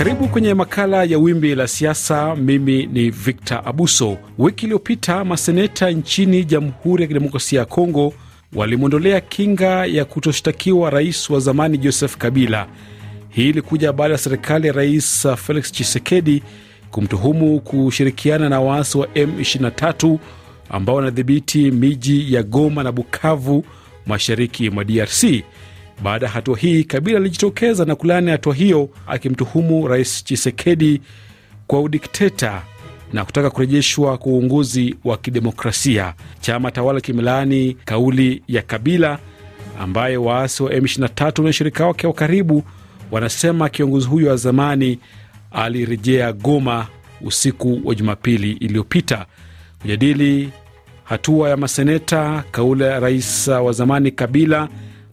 Karibu kwenye makala ya wimbi la siasa. Mimi ni Victor Abuso. Wiki iliyopita maseneta nchini Jamhuri ya Kidemokrasia ya Kongo walimwondolea kinga ya kutoshtakiwa rais wa zamani Joseph Kabila. Hii ilikuja baada ya serikali ya Rais Felix Tshisekedi kumtuhumu kushirikiana na waasi wa M23 ambao wanadhibiti miji ya Goma na Bukavu, mashariki mwa DRC. Baada ya hatua hii, Kabila alijitokeza na kulaani hatua hiyo, akimtuhumu Rais Chisekedi kwa udikteta na kutaka kurejeshwa kwa uongozi wa kidemokrasia. Chama tawala kimelaani kauli ya Kabila ambaye waasi wa M23 na washirika wake wa karibu wanasema kiongozi huyo wa zamani alirejea Goma usiku wa Jumapili iliyopita kujadili hatua ya maseneta, kauli ya rais wa zamani Kabila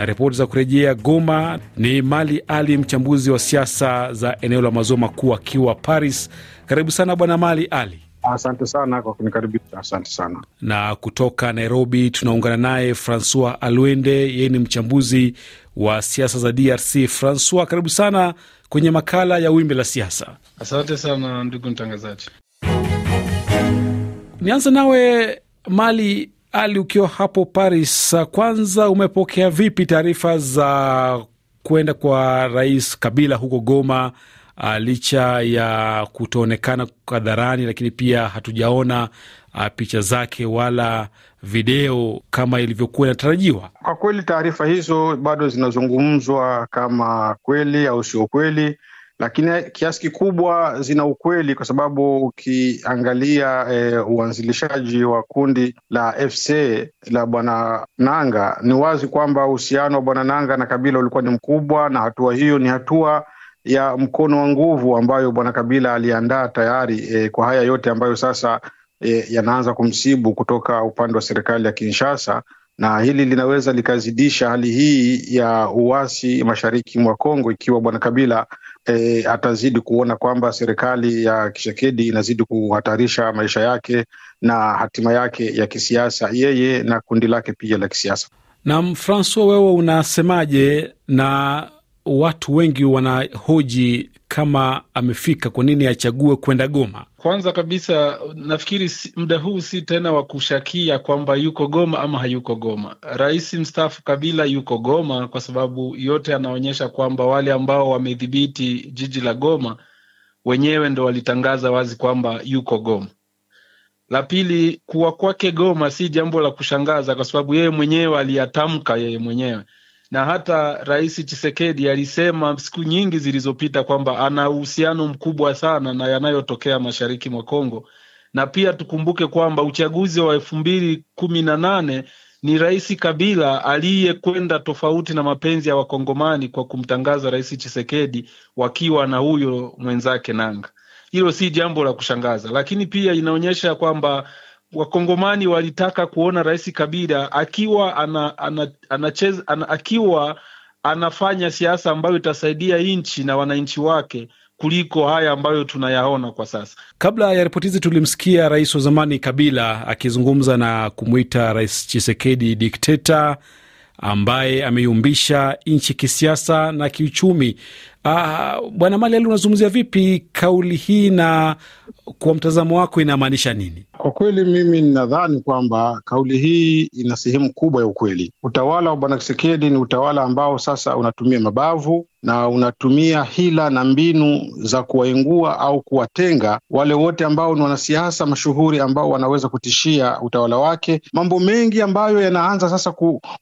na ripoti za kurejea Goma. Ni Mali Ali, mchambuzi wa siasa za eneo la maziwa makuu akiwa Paris. Karibu sana Bwana Mali Ali. Asante sana kwa kunikaribisha. Asante sana. Na kutoka Nairobi tunaungana naye Francois Alwende, yeye ni mchambuzi wa siasa za DRC. Francois, karibu sana kwenye makala ya Wimbi la Siasa. Asante sana ndugu mtangazaji. Nianze nawe Mali ali, ukiwa hapo Paris, kwanza umepokea vipi taarifa za kwenda kwa Rais Kabila huko Goma? Uh, licha ya kutoonekana hadharani, lakini pia hatujaona uh, picha zake wala video kama ilivyokuwa inatarajiwa. Kwa kweli taarifa hizo bado zinazungumzwa kama kweli au sio kweli, lakini kiasi kikubwa zina ukweli kwa sababu ukiangalia e, uanzilishaji wa kundi la FC la bwana Nanga, ni wazi kwamba uhusiano wa bwana Nanga na Kabila ulikuwa ni mkubwa, na hatua hiyo ni hatua ya mkono wa nguvu ambayo bwana Kabila aliandaa tayari e, kwa haya yote ambayo sasa e, yanaanza kumsibu kutoka upande wa serikali ya Kinshasa na hili linaweza likazidisha hali hii ya uasi mashariki mwa Kongo ikiwa bwana Kabila e, atazidi kuona kwamba serikali ya Kishekedi inazidi kuhatarisha maisha yake na hatima yake ya kisiasa, yeye na kundi lake pia la kisiasa. nam Francois, wewe unasemaje na watu wengi wanahoji kama amefika, kwa nini achague kwenda Goma? Kwanza kabisa, nafikiri muda huu si tena wa kushakia kwamba yuko Goma ama hayuko Goma. Rais mstaafu Kabila yuko Goma kwa sababu yote anaonyesha kwamba wale ambao wamedhibiti jiji la Goma wenyewe ndo walitangaza wazi kwamba yuko Goma. La pili, kuwa kwake Goma si jambo la kushangaza kwa sababu yeye mwenyewe aliyatamka yeye mwenyewe na hata Rais chisekedi alisema siku nyingi zilizopita kwamba ana uhusiano mkubwa sana na yanayotokea mashariki mwa Kongo, na pia tukumbuke kwamba uchaguzi wa elfu mbili kumi na nane ni Rais Kabila aliyekwenda tofauti na mapenzi ya Wakongomani kwa kumtangaza Rais chisekedi wakiwa na huyo mwenzake Nanga. Hilo si jambo la kushangaza, lakini pia inaonyesha kwamba Wakongomani walitaka kuona Rais Kabila akiwa ana, ana, anacheza, ana, akiwa anafanya siasa ambayo itasaidia nchi na wananchi wake kuliko haya ambayo tunayaona kwa sasa. Kabla ya ripoti hizi, tulimsikia rais wa zamani Kabila akizungumza na kumwita Rais Chisekedi dikteta ambaye ameyumbisha nchi kisiasa na kiuchumi. Uh, Bwana unazungumzia vipi kauli hii na kwa mtazamo wako inamaanisha nini? Kwa kweli mimi ninadhani kwamba kauli hii ina sehemu kubwa ya ukweli. Utawala wa Bwana Tshisekedi ni utawala ambao sasa unatumia mabavu na unatumia hila na mbinu za kuwaingua au kuwatenga wale wote ambao ni wanasiasa mashuhuri ambao wanaweza kutishia utawala wake. Mambo mengi ambayo yanaanza sasa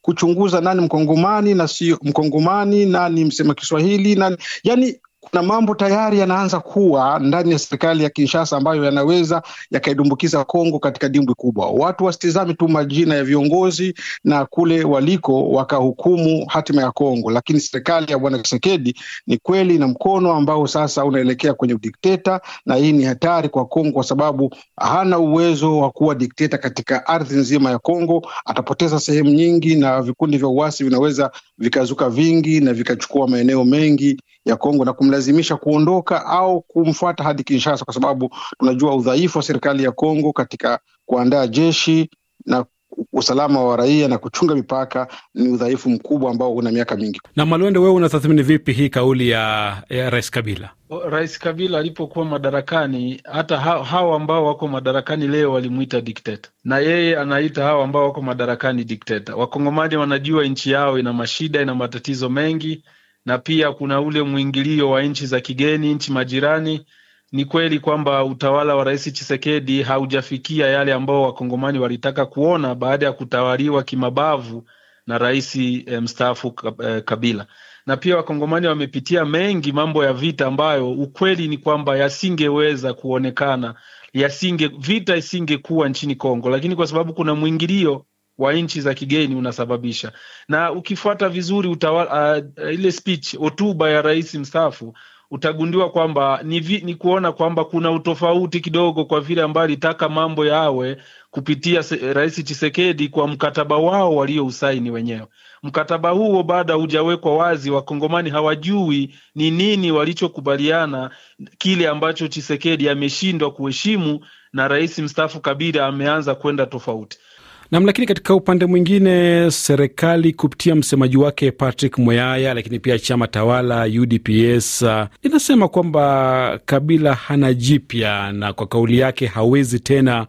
kuchunguza nani mkongomani na sio mkongomani, nani msema Kiswahili, nani yani kuna mambo tayari yanaanza kuwa ndani ya serikali ya Kinshasa ambayo yanaweza yakaidumbukiza Kongo katika dimbwi kubwa. Watu wasitizame tu majina ya viongozi na kule waliko wakahukumu hatima ya Kongo, lakini serikali ya bwana Tshisekedi ni kweli na mkono ambao sasa unaelekea kwenye udikteta, na hii ni hatari kwa Kongo kwa sababu hana uwezo wa kuwa dikteta katika ardhi nzima ya Kongo. Atapoteza sehemu nyingi na vikundi vya uasi vinaweza vikazuka vingi na vikachukua maeneo mengi ya Kongo na kumle kumlazimisha kuondoka au kumfuata hadi Kinshasa, kwa sababu tunajua udhaifu wa serikali ya Kongo katika kuandaa jeshi na usalama wa raia na kuchunga mipaka ni udhaifu mkubwa ambao una miaka mingi. Na Malwende, wewe unatathmini vipi hii kauli ya, ya Rais Kabila? Rais Kabila alipokuwa madarakani, hata hawa ambao wako madarakani leo walimwita dikteta, na yeye anaita hawa ambao wako madarakani dikteta. Wakongomani wanajua nchi yao ina mashida, ina matatizo mengi na pia kuna ule mwingilio wa nchi za kigeni, nchi majirani. Ni kweli kwamba utawala wa Rais chisekedi haujafikia yale ambao wakongomani walitaka kuona baada ya kutawaliwa kimabavu na rais eh, mstaafu eh, Kabila. Na pia wakongomani wamepitia mengi, mambo ya vita ambayo ukweli ni kwamba yasingeweza kuonekana, yasinge vita isingekuwa nchini Kongo, lakini kwa sababu kuna mwingilio wa nchi za kigeni unasababisha. Na ukifuata vizuri utawala, uh, uh ile speech hotuba ya rais mstaafu utagundiwa kwamba ni, vi, ni kuona kwamba kuna utofauti kidogo kwa vile ambayo alitaka mambo yawe kupitia rais Chisekedi kwa mkataba wao waliousaini wenyewe. Mkataba huo baada hujawekwa wazi, wakongomani hawajui ni nini walichokubaliana, kile ambacho Chisekedi ameshindwa kuheshimu na rais mstaafu Kabila ameanza kwenda tofauti nam. Lakini katika upande mwingine, serikali kupitia msemaji wake Patrick Muyaya, lakini pia chama tawala UDPS uh, inasema kwamba Kabila hana jipya na kwa kauli yake hawezi tena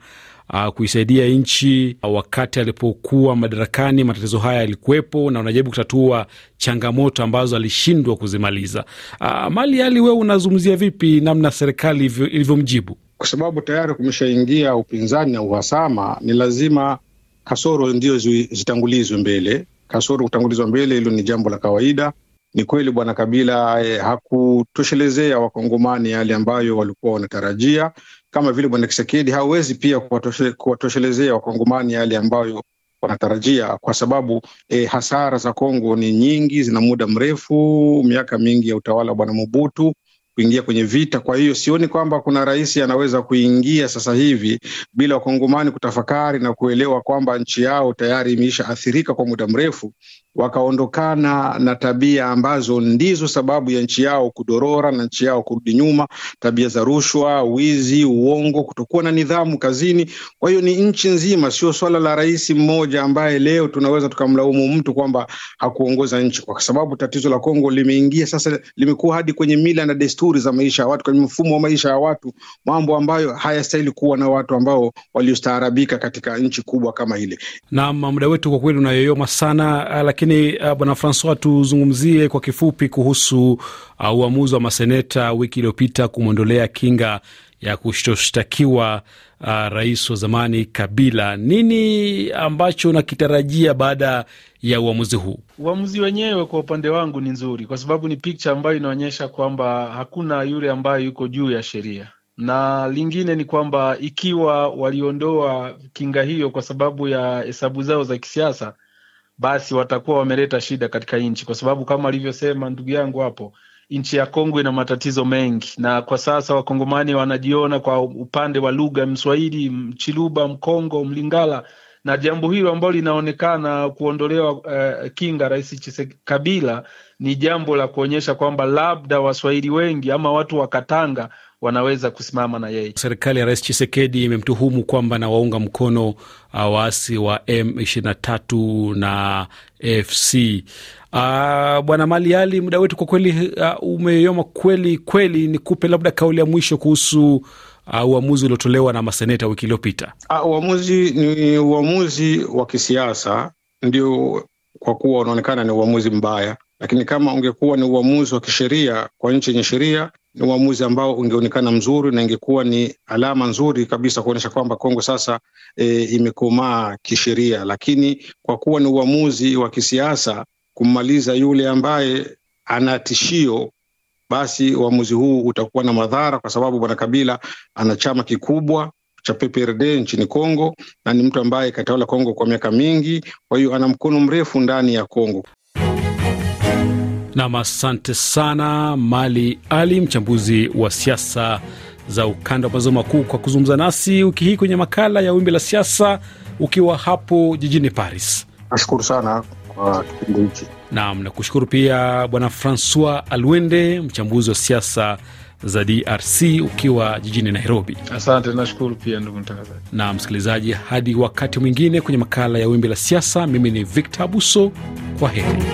Uh, kuisaidia nchi uh, wakati alipokuwa madarakani matatizo haya yalikuwepo, na unajaribu kutatua changamoto ambazo alishindwa kuzimaliza. Uh, Mali Ali, wewe unazungumzia vipi namna serikali ilivyomjibu? Kwa sababu tayari kumeshaingia upinzani na uhasama, ni lazima kasoro ndio zitangulizwe mbele. Kasoro kutangulizwa mbele, hilo ni jambo la kawaida. Ni kweli bwana Kabila eh, hakutoshelezea wakongomani yale ambayo walikuwa wanatarajia, kama vile bwana Kisekedi hawezi pia kuwatoshelezea wakongomani yale ambayo wanatarajia kwa sababu eh, hasara za Kongo ni nyingi, zina muda mrefu, miaka mingi ya utawala wa bwana mubutu kuingia kwenye vita. Kwa hiyo sioni kwamba kuna rais anaweza kuingia sasa hivi bila wakongomani kutafakari na kuelewa kwamba nchi yao tayari imeisha athirika kwa muda mrefu wakaondokana na tabia ambazo ndizo sababu ya nchi yao kudorora na nchi yao kurudi nyuma, tabia za rushwa, wizi, uongo, kutokuwa na nidhamu kazini. Kwa hiyo ni nchi nzima, sio swala la rais mmoja ambaye leo tunaweza tukamlaumu mtu kwamba hakuongoza nchi, kwa sababu tatizo la Kongo limeingia sasa, limekuwa hadi kwenye mila na desturi za maisha ya watu, kwenye mfumo wa maisha ya watu, mambo ambayo hayastahili kuwa na watu ambao waliostaarabika katika nchi kubwa kama ile. Naam, muda wetu kwa kweli unayoyoma sana, lakini lakini uh, bwana Francois, tuzungumzie kwa kifupi kuhusu uh, uamuzi wa maseneta wiki iliyopita kumwondolea kinga ya kushtakiwa uh, rais wa zamani Kabila. Nini ambacho unakitarajia baada ya uamuzi huu? Uamuzi wenyewe kwa upande wangu ni nzuri, kwa sababu ni picha ambayo inaonyesha kwamba hakuna yule ambaye yuko juu ya sheria na lingine ni kwamba ikiwa waliondoa kinga hiyo kwa sababu ya hesabu zao za kisiasa, basi watakuwa wameleta shida katika nchi, kwa sababu kama alivyosema ndugu yangu hapo, nchi ya Kongo ina matatizo mengi, na kwa sasa wakongomani wanajiona kwa upande wa lugha, Mswahili, Mchiluba, Mkongo, Mlingala, na jambo hilo ambalo linaonekana kuondolewa uh, kinga Rais Tshisekedi Kabila ni jambo la kuonyesha kwamba labda Waswahili wengi ama watu wa Katanga wanaweza kusimama na yeye. Serikali ya Rais Chisekedi imemtuhumu kwamba anawaunga mkono ah, waasi wa M23 na fc Uh, ah, Bwana Mali Ali, muda wetu kwa kweli uh, umeyoma kweli kweli. Nikupe labda kauli ya mwisho kuhusu uh, uamuzi uliotolewa na maseneta wiki iliyopita. Uh, uamuzi ni uamuzi wa kisiasa ndio, kwa kuwa unaonekana ni uamuzi mbaya, lakini kama ungekuwa ni uamuzi wa kisheria kwa nchi yenye sheria ni uamuzi ambao ungeonekana mzuri na ingekuwa ni alama nzuri kabisa kuonyesha kwamba Kongo sasa e, imekomaa kisheria, lakini kwa kuwa ni uamuzi wa kisiasa kummaliza yule ambaye ana tishio basi uamuzi huu utakuwa na madhara, kwa sababu bwana Kabila ana chama kikubwa cha PPRD nchini Kongo na ni mtu ambaye katawala Kongo kwa miaka mingi, kwa hiyo ana mkono mrefu ndani ya Kongo. Nam, asante sana Mali Ali, mchambuzi wa siasa za ukanda wa maziwa makuu, kwa kuzungumza nasi wiki hii kwenye makala ya Wimbi la Siasa ukiwa hapo jijini Paris. Nashukuru sana kwa kipindi hichi. Nam, nakushukuru pia Bwana Francois Alwende, mchambuzi wa siasa za DRC ukiwa jijini Nairobi. Asante, nashukuru pia ndugu mtangazaji. Na msikilizaji, hadi wakati mwingine kwenye makala ya Wimbi la Siasa, mimi ni Victor Abuso, kwa heri.